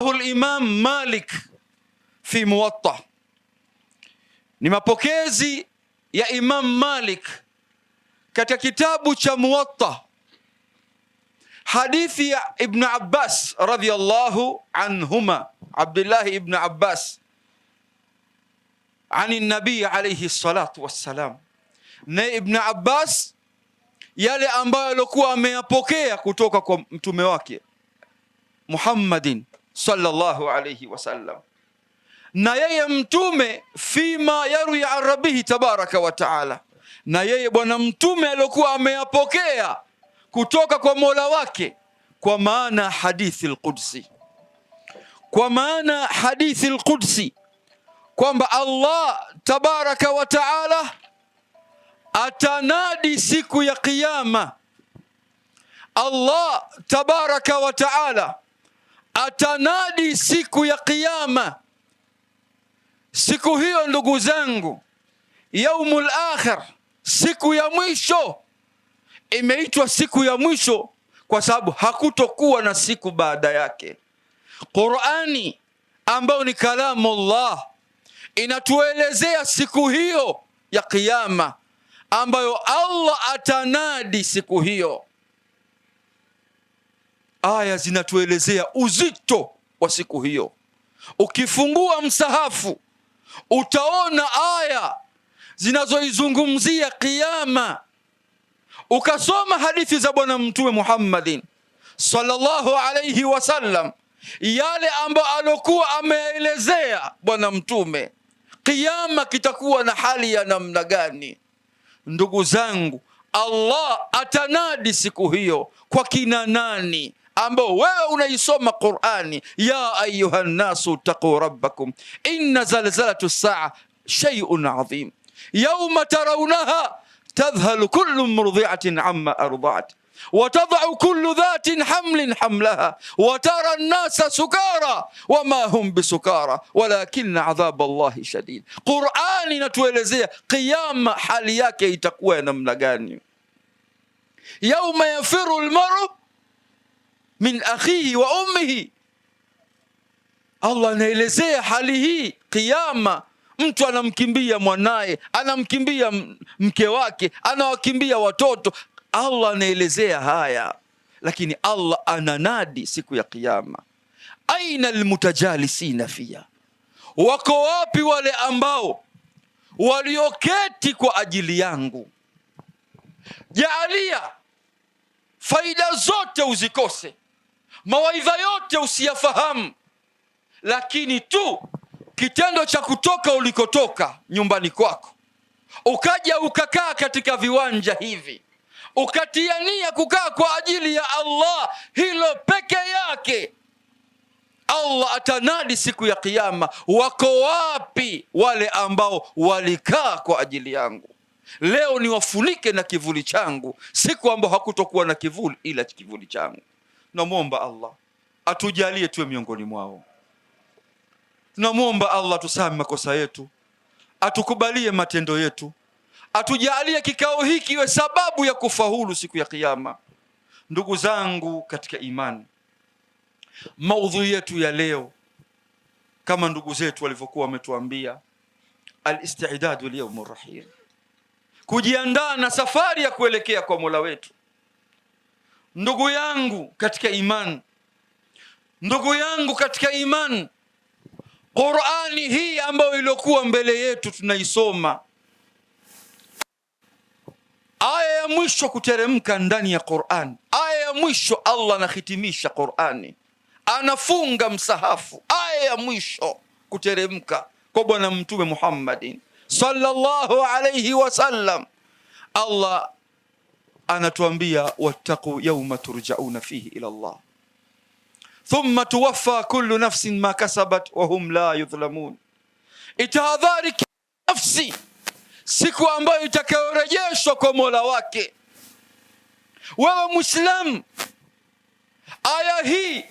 Imam Malik fi Muwatta, ni mapokezi ya Imam Malik katika kitabu cha Muwatta, hadithi ya Ibn Abbas radhiyallahu anhuma, Abdullah Ibn Abbas ani nabii alayhi salatu wassalam, naye Ibn Abbas yale ambayo alikuwa ameyapokea kutoka kwa mtume wake Muhammadin sallallahu alayhi wasallam, na yeye mtume fima yarwi an rabbihi tabaraka wa taala, na yeye bwana mtume aliyokuwa ameyapokea kutoka kwa mola wake, kwa maana hadithi alqudsi, kwa maana hadithi lqudsi kwamba Allah tabaraka wa taala atanadi siku ya Kiyama. Allah tabaraka wa taala atanadi siku ya Kiyama. Siku hiyo ndugu zangu, yaumul akhir, siku ya mwisho. Imeitwa siku ya mwisho kwa sababu hakutokuwa na siku baada yake. Qurani ambayo ni kalamullah inatuelezea siku hiyo ya Kiyama ambayo Allah atanadi siku hiyo aya zinatuelezea uzito wa siku hiyo. Ukifungua msahafu utaona aya zinazoizungumzia kiama, Ukasoma hadithi za Bwana Mtume Muhammadin sallallahu alayhi wasallam, yale ambayo alokuwa ameelezea Bwana Mtume, kiama kitakuwa na hali ya namna gani? Ndugu zangu, Allah atanadi siku hiyo kwa kina nani? ambao wewe unaisoma Qur'ani, ya ayuha nasu taquu rabbakum inna zalzalatu saa shay'un adhim yawma tarawnaha tadhhalu kullu murdhiatin amma arda'at وتضع كل ذات حمل حملها وترى الناس سكارى وما هم بسكارى ولكن عذاب الله شديد قرآن inatuelezea قيام hali yake itakuwa namna gani يوم يفر المرء min akhihi wa ummihi. Allah anaelezea hali hii Kiyama, mtu anamkimbia mwanaye, anamkimbia mke wake, anawakimbia watoto. Allah anaelezea haya, lakini Allah ananadi siku ya Kiyama, aina almutajalisina fiha, wako wapi wale ambao walioketi kwa ajili yangu? Jaalia faida zote uzikose mawaidha yote usiyafahamu, lakini tu kitendo cha kutoka ulikotoka nyumbani kwako ukaja ukakaa katika viwanja hivi ukatia nia kukaa kwa ajili ya Allah, hilo peke yake Allah atanadi siku ya Kiyama, wako wapi wale ambao walikaa kwa ajili yangu? Leo niwafunike na kivuli changu, siku ambao hakutokuwa na kivuli ila kivuli changu tunamwomba Allah atujalie tuwe miongoni mwao. Tunamwomba Allah tusame makosa yetu, atukubalie matendo yetu, atujalie kikao hiki iwe sababu ya kufaulu siku ya Kiyama. Ndugu zangu katika imani, maudhui yetu ya leo kama ndugu zetu walivyokuwa wametuambia, alistidadu lyaumurrahim, kujiandaa na safari ya kuelekea kwa Mola wetu. Ndugu yangu katika imani, ndugu yangu katika iman Qurani hii ambayo iliyokuwa mbele yetu tunaisoma, aya ya mwisho kuteremka ndani ya Qurani, aya ya mwisho. Allah anahitimisha Qurani, anafunga msahafu, aya ya mwisho kuteremka kwa Bwana Mtume Muhammadin sallallahu alayhi wasallam Allah anatuambia wattaqu yauma turjauna fihi ila llah thumma tuwaffa kullu nafsin ma kasabat wahum la yudhlamun, itahadhari nafsi siku ambayo itakayorejeshwa kwa Mola wake. Wewe mwislamu aya hii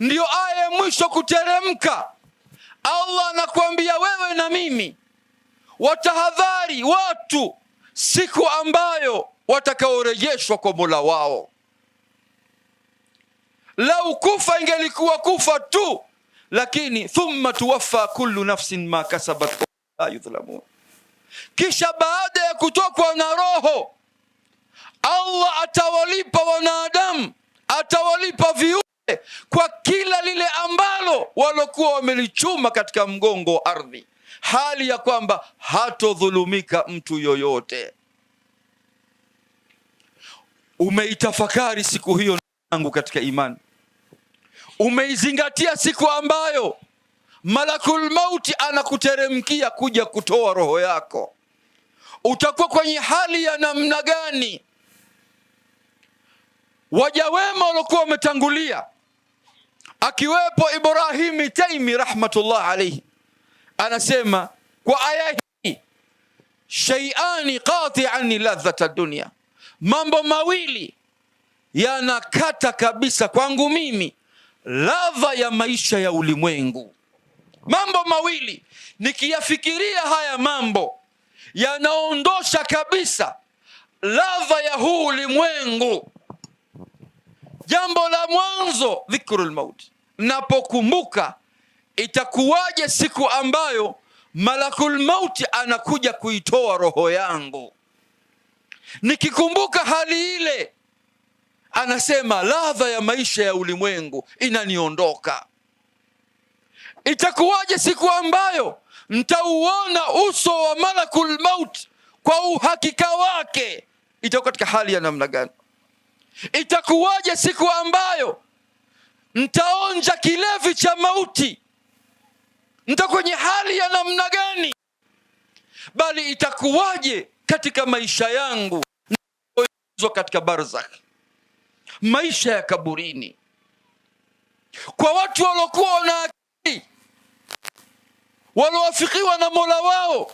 ndiyo aya ya mwisho kuteremka. Allah anakuambia wewe na mimi, watahadhari watu siku ambayo watakaorejeshwa kwa Mola wao. Lau kufa ingelikuwa kufa tu, lakini thumma tuwaffa kullu nafsin ma kasabat la yudhlamun. Kisha baada ya kutokwa na roho, Allah atawalipa wanadamu, atawalipa viumbe kwa kila lile ambalo walokuwa wamelichuma katika mgongo wa ardhi, hali ya kwamba hatodhulumika mtu yoyote umeitafakari siku hiyo nangu katika imani, umeizingatia siku ambayo malakul mauti anakuteremkia kuja kutoa roho yako, utakuwa kwenye hali ya namna gani? Waja wema waliokuwa wametangulia akiwepo Ibrahimi Taimi rahmatullah alaihi anasema kwa aya hii, shaiani qatian ladhata dunia mambo mawili yanakata kabisa kwangu mimi ladha ya maisha ya ulimwengu. Mambo mawili nikiyafikiria, haya mambo yanaondosha kabisa ladha ya huu ulimwengu. Jambo la mwanzo, dhikrul napokumbuka itakuwaje siku ambayo malakul mauti anakuja kuitoa roho yangu nikikumbuka hali ile anasema ladha ya maisha ya ulimwengu inaniondoka itakuwaje siku ambayo mtauona uso wa malakul maut kwa uhakika wake itakuwa katika hali ya namna gani itakuwaje siku ambayo mtaonja kilevi cha mauti mta kwenye hali ya namna gani bali itakuwaje katika maisha yangu naoingizwa katika barzakh, maisha ya kaburini, kwa watu waliokuwa wana akili, waliowafikiwa na Mola wao,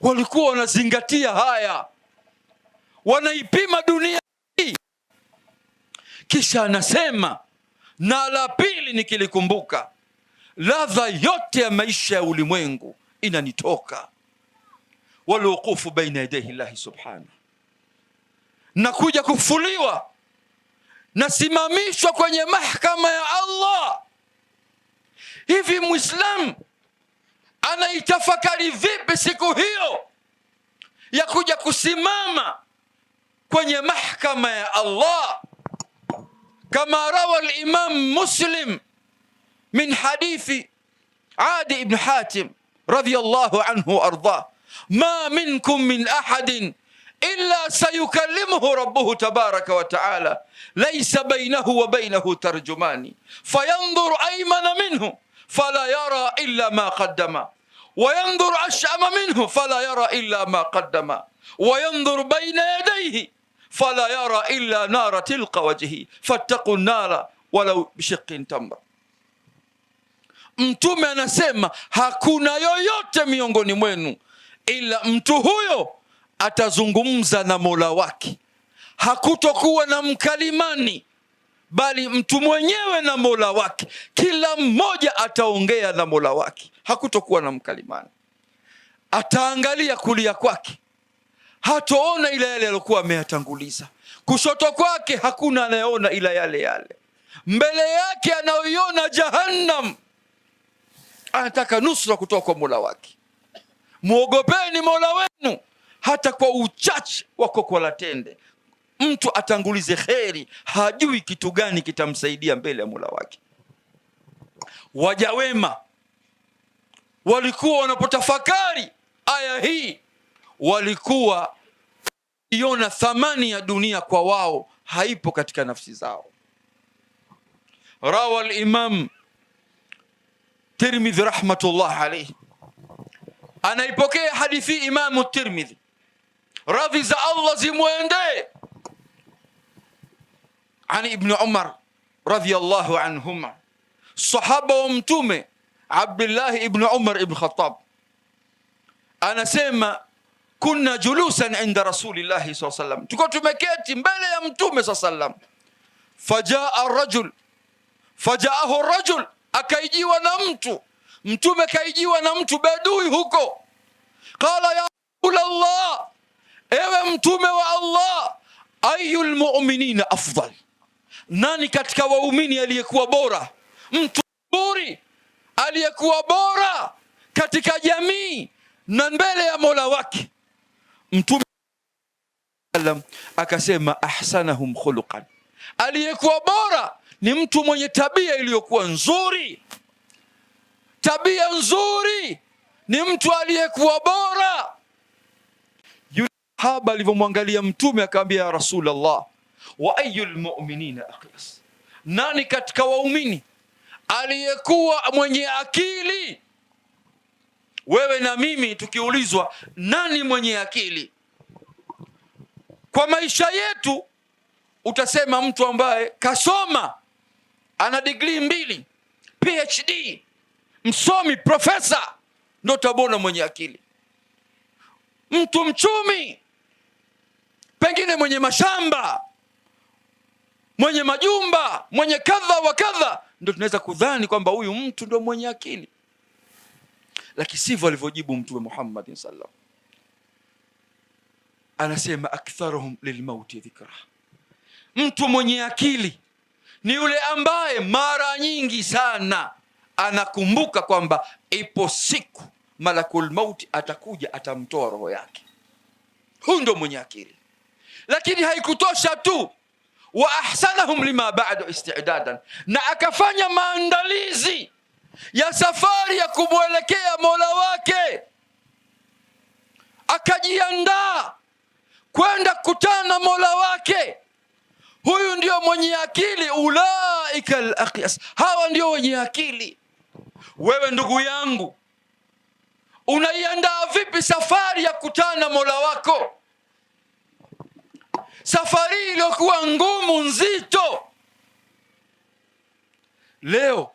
walikuwa wanazingatia haya, wanaipima dunia hii. Kisha anasema na la pili, nikilikumbuka ladha yote ya maisha ya ulimwengu inanitoka walwuqufu baina yadayhi llahi subhanahu, na kuja kufuliwa nasimamishwa kwenye mahkama ya Allah. Hivi mwislam anaitafakari vipi siku hiyo ya kuja kusimama kwenye mahkama ya Allah? Kama rawa limam Muslim min hadithi Adi ibn Hatim radhiyallahu anhu ardah ma minkum min ahadin illa sayukallimuhu rabbuhu tabaraka wa taala laisa bainahu wa bainahu tarjumani fayandhuru aymana minhu fala yara illa ma qaddama wayandhuru ashama minhu fala yara illa ma qaddama wayandhuru baina yadayhi fala yara illa nara tilqa wajhi fattaqu nara walau bishiqin tamra. Mtume anasema hakuna yoyote miongoni mwenu ila mtu huyo atazungumza na mola wake, hakutokuwa na mkalimani, bali mtu mwenyewe na mola wake. Kila mmoja ataongea na mola wake, hakutokuwa na mkalimani. Ataangalia kulia kwake, hatoona ila yale yaliokuwa ameyatanguliza. Kushoto kwake hakuna anayeona ila yale yale. Mbele yake anayoiona Jahannam. Anataka nusra kutoka kwa mola wake mwogopeni Mola wenu hata kwa uchache wa kokwa la tende. Mtu atangulize kheri, hajui kitu gani kitamsaidia mbele ya Mola wake. wajawema walikuwa wanapotafakari aya hii, walikuwa iona thamani ya dunia kwa wao haipo katika nafsi zao. Rawa Limam Tirmidhi rahmatullah alaihi anaipokea hadithi Imamu Tirmidhi, radhi za Allah zimwendee, ani Ibni Umar radhiyallahu anhuma, sahaba wa Mtume Abdullahi Ibni Umar Ibn Khattab anasema kunna julusan inda rasulillahi saa salam, tuko tumeketi mbele ya mtume saa salam. Fajaa rajul fajaahu rajul, akaijiwa na mtu Mtume kaijiwa na mtu bedui huko, qala ya Allah, ewe mtume wa Allah, ayu lmuminina afdal, nani katika waumini aliyekuwa bora? Mtu mzuri aliyekuwa bora katika jamii na mbele ya mola wake. Mtume akasema ahsanahum khuluqan, aliyekuwa bora ni mtu mwenye tabia iliyokuwa nzuri. Tabia nzuri ni mtu aliyekuwa bora. Yule sahaba alivyomwangalia Mtume akaambia, ya Rasulullah, wa ayu mu'minina aqyas, nani katika waumini aliyekuwa mwenye akili? Wewe na mimi tukiulizwa, nani mwenye akili kwa maisha yetu, utasema mtu ambaye kasoma, ana digrii mbili PhD msomi, profesa, ndo tabona mwenye akili, mtu mchumi, pengine mwenye mashamba, mwenye majumba, mwenye kadha wa kadha, ndo tunaweza kudhani kwamba huyu mtu ndo mwenye akili, lakini sivyo alivyojibu Mtume Muhammadin sallallahu anasema aktharuhum lilmauti dhikra, mtu mwenye akili ni yule ambaye mara nyingi sana anakumbuka kwamba ipo siku malakul mauti atakuja, atamtoa roho yake. Huyu ndio mwenye akili. Lakini haikutosha tu, wa ahsanahum lima badu istidadan, na akafanya maandalizi ya safari ya kumwelekea mola wake, akajiandaa kwenda kukutana na mola wake. Huyu ndio mwenye akili, ulaika lakyas hawa ndio wenye akili. Wewe ndugu yangu, unaiandaa vipi safari ya kutana mola wako? Safari iliyokuwa ngumu, nzito. Leo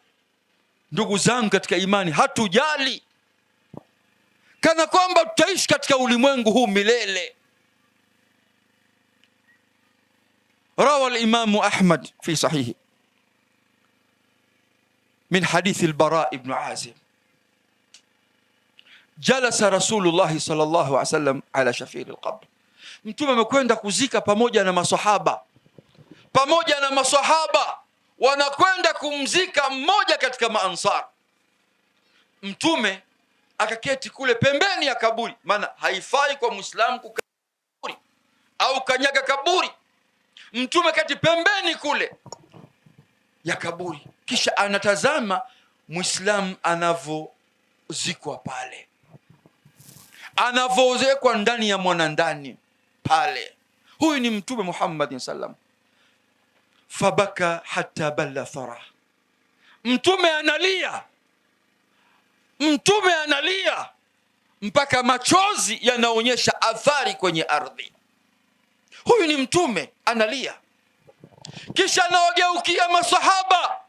ndugu zangu katika imani, hatujali kana kwamba tutaishi katika ulimwengu huu milele. Rawa limamu Ahmad fi sahihi min hadithi lbara ibnu azib jalasa rasulullahi sallallahu alaihi wasallam ala shafiri lqabr, Mtume amekwenda kuzika pamoja na masahaba, pamoja na masahaba wanakwenda kumzika mmoja katika maansar. Mtume akaketi kule pembeni ya kaburi, maana haifai kwa mwislamu kukaburi au kanyaga kaburi. Mtume kati pembeni kule ya kaburi kisha anatazama mwislamu anavozikwa pale anavozekwa ndani ya mwanandani pale huyu ni mtume muhammadin salam fabaka hata balla thara mtume analia mtume analia mpaka machozi yanaonyesha athari kwenye ardhi huyu ni mtume analia kisha anawageukia masahaba